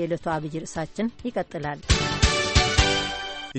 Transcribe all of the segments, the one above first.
የዕለቱ አብይ ርዕሳችን ይቀጥላል።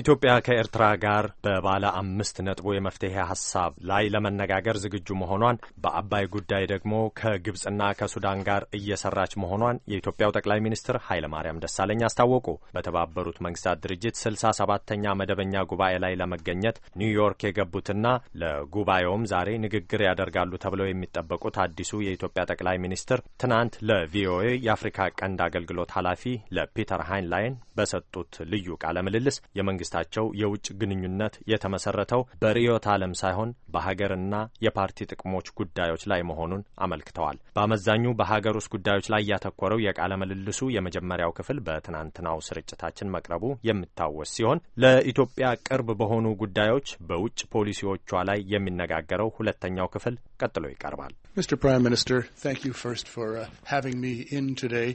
ኢትዮጵያ ከኤርትራ ጋር በባለ አምስት ነጥቡ የመፍትሄ ሀሳብ ላይ ለመነጋገር ዝግጁ መሆኗን በአባይ ጉዳይ ደግሞ ከግብጽና ከሱዳን ጋር እየሰራች መሆኗን የኢትዮጵያው ጠቅላይ ሚኒስትር ኃይለማርያም ደሳለኝ አስታወቁ። በተባበሩት መንግስታት ድርጅት ስልሳ ሰባተኛ መደበኛ ጉባኤ ላይ ለመገኘት ኒውዮርክ የገቡትና ለጉባኤውም ዛሬ ንግግር ያደርጋሉ ተብለው የሚጠበቁት አዲሱ የኢትዮጵያ ጠቅላይ ሚኒስትር ትናንት ለቪኦኤ የአፍሪካ ቀንድ አገልግሎት ኃላፊ ለፒተር ሃይንላይን በሰጡት ልዩ ቃለ ምልልስ መንግስታቸው የውጭ ግንኙነት የተመሰረተው በርዕዮተ ዓለም ሳይሆን በሀገርና የፓርቲ ጥቅሞች ጉዳዮች ላይ መሆኑን አመልክተዋል። በአመዛኙ በሀገር ውስጥ ጉዳዮች ላይ ያተኮረው የቃለ ምልልሱ የመጀመሪያው ክፍል በትናንትናው ስርጭታችን መቅረቡ የሚታወስ ሲሆን ለኢትዮጵያ ቅርብ በሆኑ ጉዳዮች በውጭ ፖሊሲዎቿ ላይ የሚነጋገረው ሁለተኛው ክፍል ቀጥሎ ይቀርባል። Mr. Prime Minister, thank you first for uh, having me in today.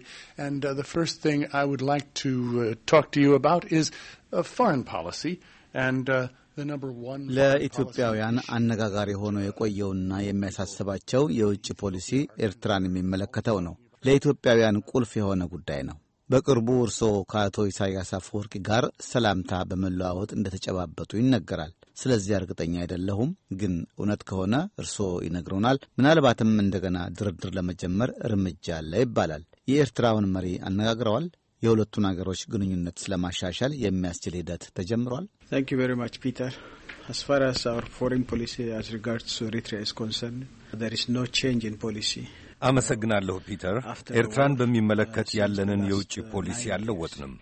And uh, the first thing I would like to uh, talk to you about is Uh, ለኢትዮጵያውያን አነጋጋሪ ሆኖ የቆየውና የሚያሳስባቸው የውጭ ፖሊሲ ኤርትራን የሚመለከተው ነው። ለኢትዮጵያውያን ቁልፍ የሆነ ጉዳይ ነው። በቅርቡ እርስዎ ከአቶ ኢሳያስ አፈወርቂ ጋር ሰላምታ በመለዋወጥ እንደተጨባበጡ ይነገራል። ስለዚህ እርግጠኛ አይደለሁም፣ ግን እውነት ከሆነ እርስዎ ይነግረናል። ምናልባትም እንደገና ድርድር ለመጀመር እርምጃ አለ ይባላል። የኤርትራውን መሪ አነጋግረዋል? የሁለቱን አገሮች ግንኙነት ለማሻሻል የሚያስችል ሂደት ተጀምሯል? ታንክ ዩ ቨሪ ማች ፒተር አስ ፋር አስ አወር ፎሪን ፖሊሲ አዝ ሪጋርድስ ኤሪትሪያ ኢዝ ኮንሰርን ዜር ኢዝ ኖ ቼንጅ ኢን ፖሊሲ አመሰግናለሁ ፒተር። ኤርትራን በሚመለከት ያለንን የውጭ ፖሊሲ አልለወጥንም።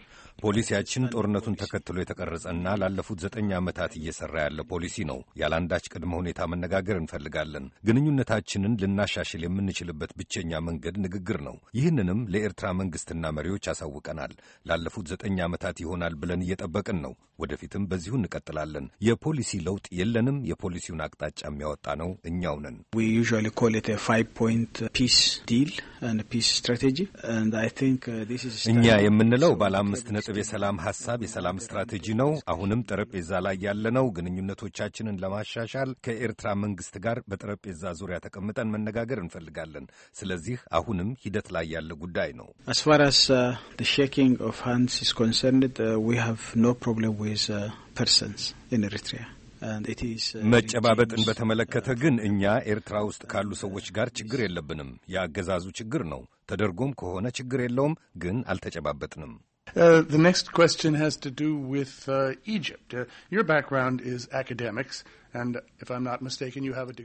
ፖሊሲያችን ጦርነቱን ተከትሎ የተቀረጸና ላለፉት ዘጠኝ ዓመታት እየሰራ ያለ ፖሊሲ ነው። ያለአንዳች ቅድመ ሁኔታ መነጋገር እንፈልጋለን። ግንኙነታችንን ልናሻሽል የምንችልበት ብቸኛ መንገድ ንግግር ነው። ይህንንም ለኤርትራ መንግስትና መሪዎች አሳውቀናል። ላለፉት ዘጠኝ ዓመታት ይሆናል ብለን እየጠበቅን ነው። ወደፊትም በዚሁ እንቀጥላለን። የፖሊሲ ለውጥ የለንም። የፖሊሲውን አቅጣጫ የሚያወጣ ነው እኛው ነን። uh, እኛ የምንለው ባለ አምስት ነጥብ የሰላም ሀሳብ የሰላም ስትራቴጂ ነው። አሁንም ጠረጴዛ ላይ ያለነው ግንኙነቶቻችንን ለማሻሻል ከኤርትራ መንግስት ጋር በጠረጴዛ ዙሪያ ተቀምጠን መነጋገር እንፈልጋለን። ስለዚህ አሁንም ሂደት ላይ ያለ ጉዳይ ነው። Uh, uh, መጨባበጥን በተመለከተ uh, ግን እኛ ኤርትራ ውስጥ ካሉ ሰዎች ጋር ችግር የለብንም። የአገዛዙ ችግር ነው። ተደርጎም ከሆነ ችግር የለውም፣ ግን አልተጨባበጥንም። Uh, the next question has to do with uh, Egypt. Uh, your background is academics.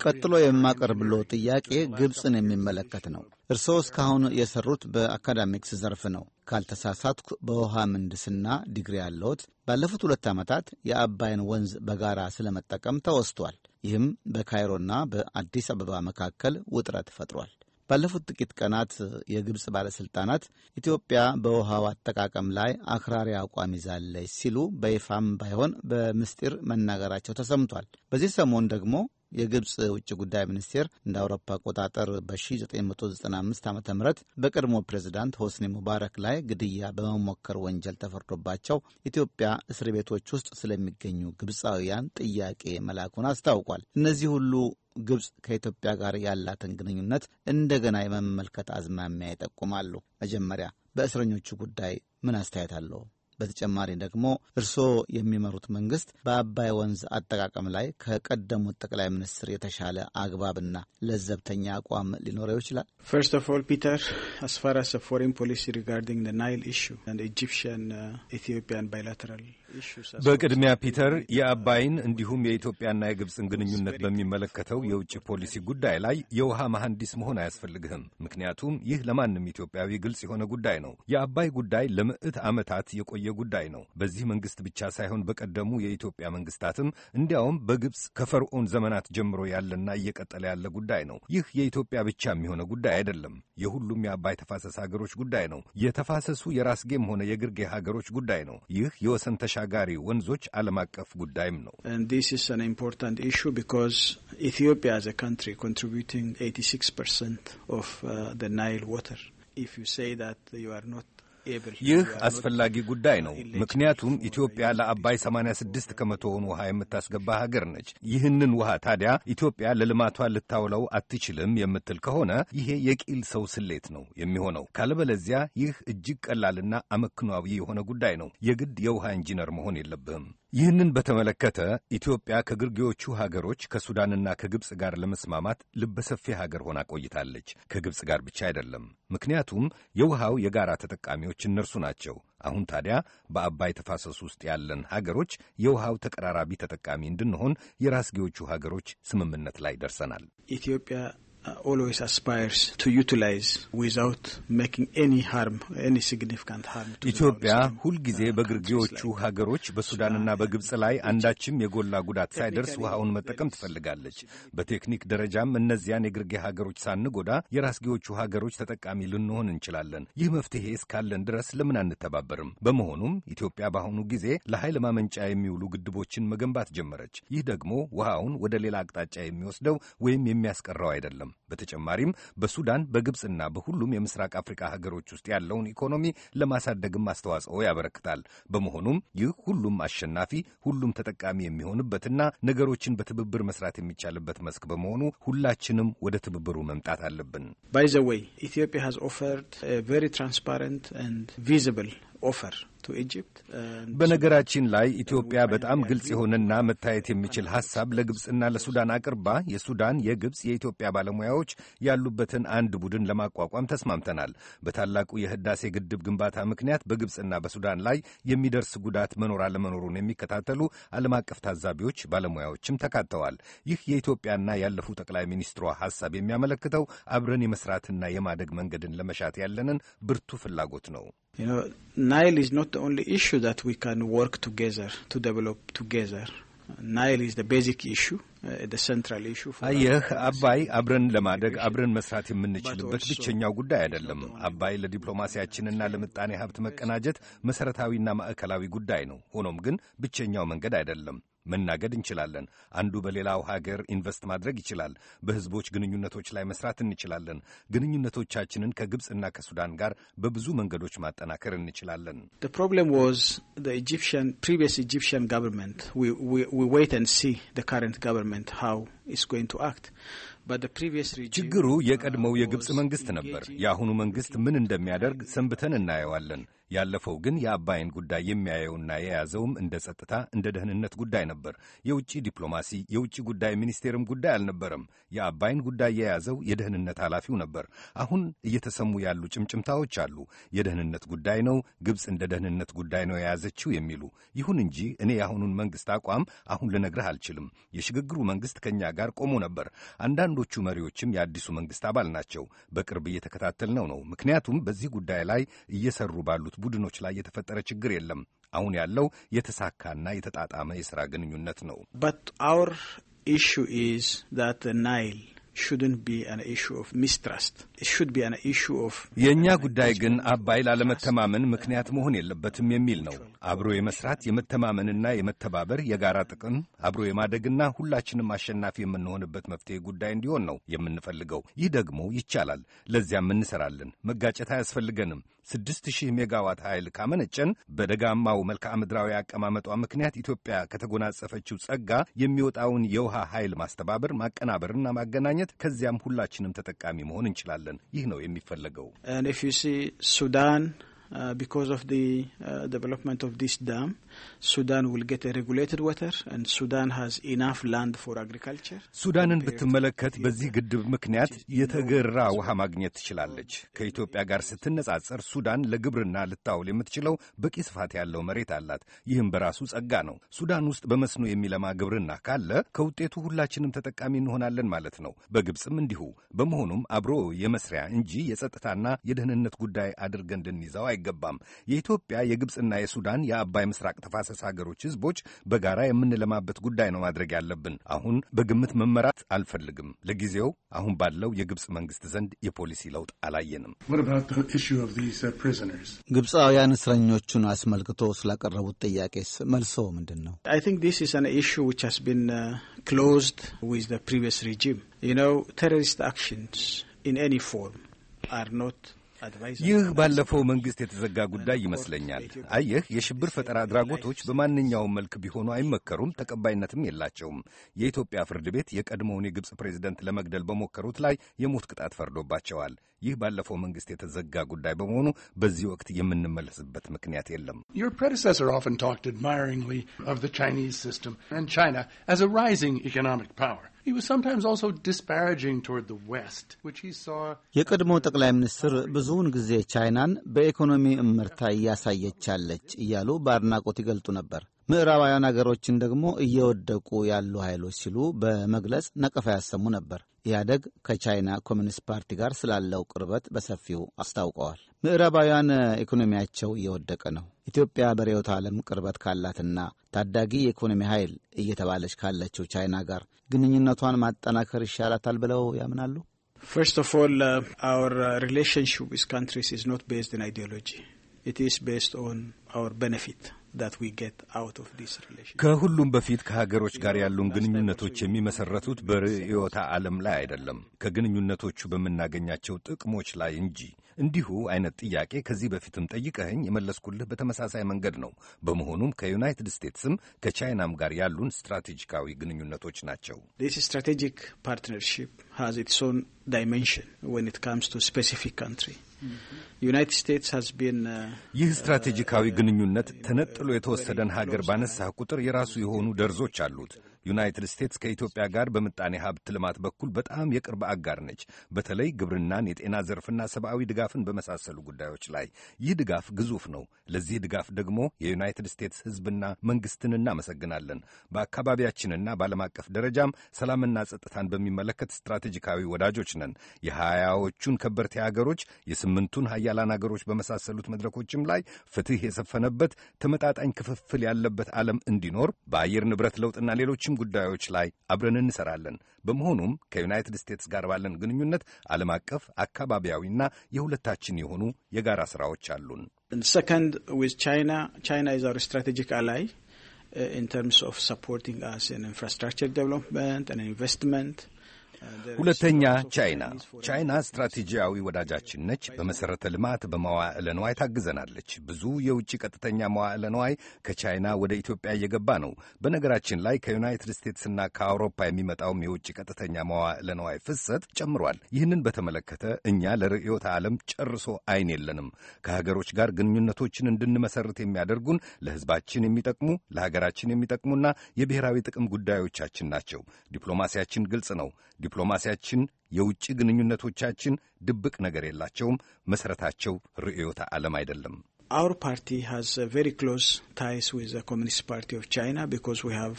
ቀጥሎ የማቀርብሎ ጥያቄ ግብፅን የሚመለከት ነው። እርስዎ እስካሁን የሰሩት በአካዳሚክስ ዘርፍ ነው። ካልተሳሳትኩ በውሃ ምህንድስና ዲግሪ ያለዎት፣ ባለፉት ሁለት ዓመታት የአባይን ወንዝ በጋራ ስለመጠቀም ተወስቷል። ይህም በካይሮና በአዲስ አበባ መካከል ውጥረት ፈጥሯል። ባለፉት ጥቂት ቀናት የግብፅ ባለሥልጣናት ኢትዮጵያ በውሃው አጠቃቀም ላይ አክራሪ አቋም ይዛለች ሲሉ በይፋም ባይሆን በምስጢር መናገራቸው ተሰምቷል። በዚህ ሰሞን ደግሞ የግብፅ ውጭ ጉዳይ ሚኒስቴር እንደ አውሮፓ አቆጣጠር በ1995 ዓ ም በቀድሞ ፕሬዚዳንት ሆስኒ ሙባረክ ላይ ግድያ በመሞከር ወንጀል ተፈርዶባቸው ኢትዮጵያ እስር ቤቶች ውስጥ ስለሚገኙ ግብፃውያን ጥያቄ መላኩን አስታውቋል። እነዚህ ሁሉ ግብፅ ከኢትዮጵያ ጋር ያላትን ግንኙነት እንደገና የመመልከት አዝማሚያ ይጠቁማሉ። መጀመሪያ በእስረኞቹ ጉዳይ ምን አስተያየት አለው? በተጨማሪ ደግሞ እርስዎ የሚመሩት መንግስት በአባይ ወንዝ አጠቃቀም ላይ ከቀደሙት ጠቅላይ ሚኒስትር የተሻለ አግባብና ለዘብተኛ አቋም ሊኖረው ይችላል። ፈርስት ኦፍ ኦል ፒተር አስ ፋር አስ ፎሬን ፖሊሲ ሪጋርዲንግ ናይል ኢሹ ኢጂፕሽን ኢትዮጵያን ባይላተራል በቅድሚያ ፒተር የአባይን እንዲሁም የኢትዮጵያና የግብፅን ግንኙነት በሚመለከተው የውጭ ፖሊሲ ጉዳይ ላይ የውሃ መሐንዲስ መሆን አያስፈልግህም። ምክንያቱም ይህ ለማንም ኢትዮጵያዊ ግልጽ የሆነ ጉዳይ ነው። የአባይ ጉዳይ ለምዕት ዓመታት የቆየ ጉዳይ ነው። በዚህ መንግስት ብቻ ሳይሆን በቀደሙ የኢትዮጵያ መንግስታትም እንዲያውም በግብፅ ከፈርዖን ዘመናት ጀምሮ ያለና እየቀጠለ ያለ ጉዳይ ነው። ይህ የኢትዮጵያ ብቻ የሚሆነ ጉዳይ አይደለም። የሁሉም የአባይ ተፋሰስ ሀገሮች ጉዳይ ነው። የተፋሰሱ የራስጌም ሆነ የግርጌ ሀገሮች ጉዳይ ነው። ይህ የወሰን ተሻ And this is an important issue because Ethiopia is a country contributing 86% of uh, the Nile water. If you say that you are not ይህ አስፈላጊ ጉዳይ ነው። ምክንያቱም ኢትዮጵያ ለአባይ 86 ከመቶውን ውሃ የምታስገባ ሀገር ነች። ይህንን ውሃ ታዲያ ኢትዮጵያ ለልማቷ ልታውለው አትችልም የምትል ከሆነ ይሄ የቂል ሰው ስሌት ነው የሚሆነው። ካለበለዚያ ይህ እጅግ ቀላልና አመክኗዊ የሆነ ጉዳይ ነው። የግድ የውሃ ኢንጂነር መሆን የለብህም። ይህንን በተመለከተ ኢትዮጵያ ከግርጌዎቹ ሀገሮች ከሱዳንና ከግብፅ ጋር ለመስማማት ልበሰፊ ሀገር ሆና ቆይታለች። ከግብፅ ጋር ብቻ አይደለም፣ ምክንያቱም የውሃው የጋራ ተጠቃሚዎች እነርሱ ናቸው። አሁን ታዲያ በአባይ ተፋሰስ ውስጥ ያለን ሀገሮች የውሃው ተቀራራቢ ተጠቃሚ እንድንሆን የራስጌዎቹ ሀገሮች ስምምነት ላይ ደርሰናል። ኢትዮጵያ Uh, always aspires to utilize without making any harm, any significant harm ኢትዮጵያ ሁልጊዜ uh, በግርጌዎቹ ሀገሮች በሱዳንና uh, በግብፅ ላይ አንዳችም የጎላ ጉዳት ሳይደርስ ውሃውን መጠቀም ትፈልጋለች። በቴክኒክ ደረጃም እነዚያን የግርጌ ሀገሮች ሳንጎዳ የራስጌዎቹ ሀገሮች ተጠቃሚ ልንሆን እንችላለን። ይህ መፍትሄ እስካለን ድረስ ለምን አንተባበርም? በመሆኑም ኢትዮጵያ በአሁኑ ጊዜ ለኃይል ማመንጫ የሚውሉ ግድቦችን መገንባት ጀመረች። ይህ ደግሞ ውሃውን ወደ ሌላ አቅጣጫ የሚወስደው ወይም የሚያስቀረው አይደለም። በተጨማሪም በሱዳን በግብፅና በሁሉም የምስራቅ አፍሪካ ሀገሮች ውስጥ ያለውን ኢኮኖሚ ለማሳደግም አስተዋጽኦ ያበረክታል። በመሆኑም ይህ ሁሉም አሸናፊ፣ ሁሉም ተጠቃሚ የሚሆንበትና ነገሮችን በትብብር መስራት የሚቻልበት መስክ በመሆኑ ሁላችንም ወደ ትብብሩ መምጣት አለብን። ባይ ዘ ኢትዮጵያ ሀዝ ኦፈርድ ቬሪ ትራንስፓረንት ኤንድ ቪዚብል offer በነገራችን ላይ ኢትዮጵያ በጣም ግልጽ የሆነና መታየት የሚችል ሐሳብ ለግብፅና ለሱዳን አቅርባ የሱዳን የግብፅ የኢትዮጵያ ባለሙያዎች ያሉበትን አንድ ቡድን ለማቋቋም ተስማምተናል። በታላቁ የህዳሴ ግድብ ግንባታ ምክንያት በግብፅና በሱዳን ላይ የሚደርስ ጉዳት መኖር አለመኖሩን የሚከታተሉ ዓለም አቀፍ ታዛቢዎች ባለሙያዎችም ተካተዋል። ይህ የኢትዮጵያና ያለፉ ጠቅላይ ሚኒስትሯ ሐሳብ የሚያመለክተው አብረን የመስራትና የማደግ መንገድን ለመሻት ያለንን ብርቱ ፍላጎት ነው። You know, Nile is not the only issue that we can work together to develop together. ናይል ኢዝ ቤዚክ ኢሹ ሰንትራል ኢሹ። አየህ አባይ አብረን ለማደግ አብረን መስራት የምንችልበት ብቸኛው ጉዳይ አይደለም። አባይ ለዲፕሎማሲያችንና ለምጣኔ ሀብት መቀናጀት መሰረታዊና ማዕከላዊ ጉዳይ ነው። ሆኖም ግን ብቸኛው መንገድ አይደለም። መናገድ እንችላለን። አንዱ በሌላው ሀገር ኢንቨስት ማድረግ ይችላል። በህዝቦች ግንኙነቶች ላይ መስራት እንችላለን። ግንኙነቶቻችንን ከግብፅና ከሱዳን ጋር በብዙ መንገዶች ማጠናከር እንችላለን። ችግሩ የቀድሞው uh, የግብፅ መንግስት ነበር። የአሁኑ መንግስት ምን እንደሚያደርግ ሰንብተን እናየዋለን። ያለፈው ግን የአባይን ጉዳይ የሚያየውና የያዘውም እንደ ጸጥታ፣ እንደ ደህንነት ጉዳይ ነበር። የውጭ ዲፕሎማሲ፣ የውጭ ጉዳይ ሚኒስቴርም ጉዳይ አልነበረም። የአባይን ጉዳይ የያዘው የደህንነት ኃላፊው ነበር። አሁን እየተሰሙ ያሉ ጭምጭምታዎች አሉ። የደህንነት ጉዳይ ነው፣ ግብፅ እንደ ደህንነት ጉዳይ ነው የያዘችው የሚሉ። ይሁን እንጂ እኔ የአሁኑን መንግስት አቋም አሁን ልነግርህ አልችልም። የሽግግሩ መንግስት ከእኛ ጋር ቆሞ ነበር። አንዳንዶቹ መሪዎችም የአዲሱ መንግስት አባል ናቸው። በቅርብ እየተከታተልነው ነው። ምክንያቱም በዚህ ጉዳይ ላይ እየሰሩ ባሉት ቡድኖች ላይ የተፈጠረ ችግር የለም። አሁን ያለው የተሳካና የተጣጣመ የሥራ ግንኙነት ነው። በት አውር ኢሹ ኢዝ ዛት ናይል የእኛ ጉዳይ ግን አባይ ላለመተማመን ምክንያት መሆን የለበትም የሚል ነው። አብሮ የመስራት የመተማመንና የመተባበር የጋራ ጥቅም አብሮ የማደግና ሁላችንም አሸናፊ የምንሆንበት መፍትሄ ጉዳይ እንዲሆን ነው የምንፈልገው። ይህ ደግሞ ይቻላል። ለዚያም እንሰራለን። መጋጨት አያስፈልገንም። 6000 ሜጋዋት ኃይል ካመነጨን በደጋማው መልክዓ ምድራዊ አቀማመጧ ምክንያት ኢትዮጵያ ከተጎናጸፈችው ጸጋ የሚወጣውን የውሃ ኃይል ማስተባበር፣ ማቀናበርና ማገናኘት ከዚያም ሁላችንም ተጠቃሚ መሆን እንችላለን። ይህ ነው የሚፈለገው። ሱዳን Uh, because of the uh, development of this dam, Sudan will get a regulated water and Sudan has enough land for agriculture. ሱዳንን ብትመለከት በዚህ ግድብ ምክንያት የተገራ ውሃ ማግኘት ትችላለች። ከኢትዮጵያ ጋር ስትነጻጸር ሱዳን ለግብርና ልታውል የምትችለው በቂ ስፋት ያለው መሬት አላት። ይህም በራሱ ጸጋ ነው። ሱዳን ውስጥ በመስኖ የሚለማ ግብርና ካለ ከውጤቱ ሁላችንም ተጠቃሚ እንሆናለን ማለት ነው። በግብፅም እንዲሁ። በመሆኑም አብሮ የመስሪያ እንጂ የጸጥታና የደህንነት ጉዳይ አድርገን እንድንይዘው አይገባም። የኢትዮጵያ የግብፅና የሱዳን የአባይ ምስራቅ ተፋሰስ ሀገሮች ህዝቦች በጋራ የምንለማበት ጉዳይ ነው ማድረግ ያለብን። አሁን በግምት መመራት አልፈልግም። ለጊዜው አሁን ባለው የግብፅ መንግስት ዘንድ የፖሊሲ ለውጥ አላየንም። uh, ግብፃውያን እስረኞቹን አስመልክቶ ስላቀረቡት ጥያቄስ መልሶ ምንድን ነው? ቴሮሪስት አክሽንስ ኢን ኤኒ ፎርም አር ኖት ይህ ባለፈው መንግሥት የተዘጋ ጉዳይ ይመስለኛል። አየህ፣ የሽብር ፈጠራ አድራጎቶች በማንኛውም መልክ ቢሆኑ አይመከሩም፣ ተቀባይነትም የላቸውም። የኢትዮጵያ ፍርድ ቤት የቀድሞውን የግብፅ ፕሬዚደንት ለመግደል በሞከሩት ላይ የሞት ቅጣት ፈርዶባቸዋል። ይህ ባለፈው መንግሥት የተዘጋ ጉዳይ በመሆኑ በዚህ ወቅት የምንመለስበት ምክንያት የለም። Your predecessor often talked admiringly of the Chinese system and China as a rising economic power. የቀድሞ ጠቅላይ ሚኒስትር ብዙውን ጊዜ ቻይናን በኢኮኖሚ እምርታ እያሳየቻለች እያሉ በአድናቆት ይገልጡ ነበር። ምዕራባውያን አገሮችን ደግሞ እየወደቁ ያሉ ኃይሎች ሲሉ በመግለጽ ነቀፋ ያሰሙ ነበር። ኢህአደግ ከቻይና ኮሚኒስት ፓርቲ ጋር ስላለው ቅርበት በሰፊው አስታውቀዋል። ምዕራባውያን ኢኮኖሚያቸው እየወደቀ ነው። ኢትዮጵያ በርዕዮተ ዓለም ቅርበት ካላትና ታዳጊ የኢኮኖሚ ኃይል እየተባለች ካለችው ቻይና ጋር ግንኙነቷን ማጠናከር ይሻላታል ብለው ያምናሉ? First of all, uh, our uh, relationship with countries is not based in ideology. It ከሁሉም በፊት ከሀገሮች ጋር ያሉን ግንኙነቶች የሚመሰረቱት በርዕዮተ ዓለም ላይ አይደለም፣ ከግንኙነቶቹ በምናገኛቸው ጥቅሞች ላይ እንጂ። እንዲሁ አይነት ጥያቄ ከዚህ በፊትም ጠይቀህኝ የመለስኩልህ በተመሳሳይ መንገድ ነው። በመሆኑም ከዩናይትድ ስቴትስም ከቻይናም ጋር ያሉን ስትራቴጂካዊ ግንኙነቶች ናቸው። ስትራቴጂክ ፓርትነርሺፕ ሃዝ ኢትስ ኦን ዳይሜንሽን ዌን ኢት ካምስ ቱ ስፔሲፊክ ካንትሪ ዩናይትድ ስቴትስ ቢን ይህ ስትራቴጂካዊ uh, ግንኙነት ተነጥሎ የተወሰደን ሀገር ባነሳህ ቁጥር የራሱ የሆኑ ደርዞች አሉት። ዩናይትድ ስቴትስ ከኢትዮጵያ ጋር በምጣኔ ሀብት ልማት በኩል በጣም የቅርብ አጋር ነች። በተለይ ግብርናን፣ የጤና ዘርፍና ሰብአዊ ድጋፍን በመሳሰሉ ጉዳዮች ላይ ይህ ድጋፍ ግዙፍ ነው። ለዚህ ድጋፍ ደግሞ የዩናይትድ ስቴትስ ሕዝብና መንግስትን እናመሰግናለን። በአካባቢያችንና በዓለም አቀፍ ደረጃም ሰላምና ጸጥታን በሚመለከት ስትራቴጂካዊ ወዳጆች ነን። የሀያዎቹን ከበርቴ ሀገሮች የስምንቱን ሀያላን ሀገሮች በመሳሰሉት መድረኮችም ላይ ፍትህ የሰፈነበት ተመጣጣኝ ክፍፍል ያለበት ዓለም እንዲኖር በአየር ንብረት ለውጥና ሌሎች ሌሎችም ጉዳዮች ላይ አብረን እንሰራለን። በመሆኑም ከዩናይትድ ስቴትስ ጋር ባለን ግንኙነት ዓለም አቀፍ አካባቢያዊና የሁለታችን የሆኑ የጋራ ስራዎች አሉን። ሰከንድ ዊዝ ቻይና ቻይና ኢዝ አወር ስትራቴጂክ አላይ ኢን ተርምስ ኦፍ ሰፖርቲንግ አስ ኢንፍራስትራክቸር ዴቨሎፕመንት ኢንቨስትመንት ሁለተኛ ቻይና። ቻይና ስትራቴጂያዊ ወዳጃችን ነች። በመሠረተ ልማት፣ በመዋዕለ ታግዘናለች። ብዙ የውጭ ቀጥተኛ መዋዕለ ከቻይና ወደ ኢትዮጵያ እየገባ ነው። በነገራችን ላይ ከዩናይትድ ስቴትስና ከአውሮፓ የሚመጣውም የውጭ ቀጥተኛ መዋዕለ ፍሰት ጨምሯል። ይህንን በተመለከተ እኛ ለርዕዮተ ዓለም ጨርሶ አይን የለንም። ከሀገሮች ጋር ግንኙነቶችን እንድንመሰርት የሚያደርጉን ለሕዝባችን የሚጠቅሙ ለሀገራችን የሚጠቅሙና የብሔራዊ ጥቅም ጉዳዮቻችን ናቸው። ዲፕሎማሲያችን ግልጽ ነው። ዲፕሎማሲያችን፣ የውጭ ግንኙነቶቻችን ድብቅ ነገር የላቸውም። መሠረታቸው ርዕዮተ ዓለም አይደለም። Our party has uh, very close ties with the Communist Party of China because we have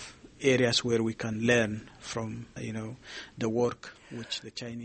areas where we can learn from, you know, the work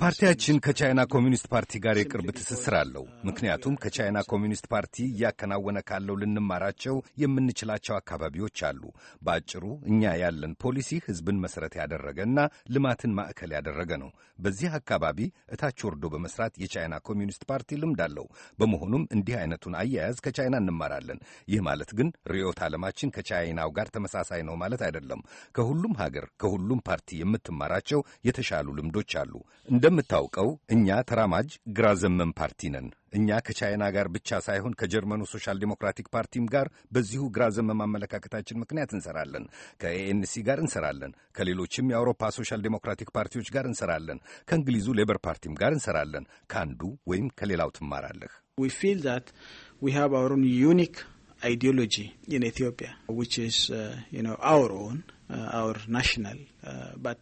ፓርቲያችን ከቻይና ኮሚኒስት ፓርቲ ጋር የቅርብ ትስስር አለው። ምክንያቱም ከቻይና ኮሚኒስት ፓርቲ እያከናወነ ካለው ልንማራቸው የምንችላቸው አካባቢዎች አሉ። በአጭሩ እኛ ያለን ፖሊሲ ሕዝብን መሰረት ያደረገና ልማትን ማዕከል ያደረገ ነው። በዚህ አካባቢ እታች ወርዶ በመስራት የቻይና ኮሚኒስት ፓርቲ ልምድ አለው። በመሆኑም እንዲህ አይነቱን አያያዝ ከቻይና እንማራለን። ይህ ማለት ግን ርዕዮተ ዓለማችን ከቻይናው ጋር ተመሳሳይ ነው ማለት አይደለም። ከሁሉም ሀገር ከሁሉም ፓርቲ የምትማራቸው የተሻሉ ልምዶች አሉ። እንደምታውቀው እኛ ተራማጅ ግራ ዘመም ፓርቲ ነን። እኛ ከቻይና ጋር ብቻ ሳይሆን ከጀርመኑ ሶሻል ዲሞክራቲክ ፓርቲም ጋር በዚሁ ግራ ዘመም አመለካከታችን ምክንያት እንሰራለን። ከኤኤንሲ ጋር እንሰራለን። ከሌሎችም የአውሮፓ ሶሻል ዲሞክራቲክ ፓርቲዎች ጋር እንሰራለን። ከእንግሊዙ ሌበር ፓርቲም ጋር እንሰራለን። ከአንዱ ወይም ከሌላው ትማራለህ። ዊ ፊል ዛት ዊ ሃቭ ኦውን ዩኒክ አይዲዮሎጂ ኢን ኢትዮጵያ ዊች ኢዝ ኦውን Uh, uh,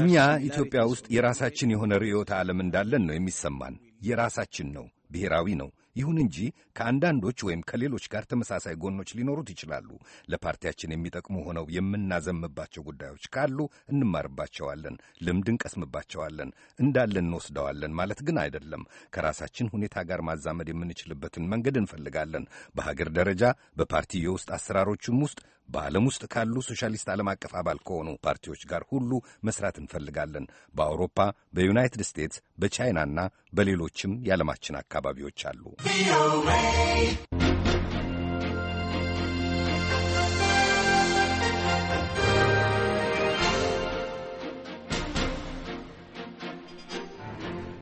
እኛ ኢትዮጵያ ውስጥ የራሳችን የሆነ ርዕዮተ ዓለም እንዳለን ነው የሚሰማን። የራሳችን ነው፣ ብሔራዊ ነው። ይሁን እንጂ ከአንዳንዶች ወይም ከሌሎች ጋር ተመሳሳይ ጎኖች ሊኖሩት ይችላሉ። ለፓርቲያችን የሚጠቅሙ ሆነው የምናዘምባቸው ጉዳዮች ካሉ እንማርባቸዋለን፣ ልምድ እንቀስምባቸዋለን፣ እንዳለን እንወስደዋለን ማለት ግን አይደለም። ከራሳችን ሁኔታ ጋር ማዛመድ የምንችልበትን መንገድ እንፈልጋለን። በሀገር ደረጃ በፓርቲ የውስጥ አሰራሮችም ውስጥ በዓለም ውስጥ ካሉ ሶሻሊስት ዓለም አቀፍ አባል ከሆኑ ፓርቲዎች ጋር ሁሉ መስራት እንፈልጋለን። በአውሮፓ፣ በዩናይትድ ስቴትስ፣ በቻይናና በሌሎችም የዓለማችን አካባቢዎች አሉ።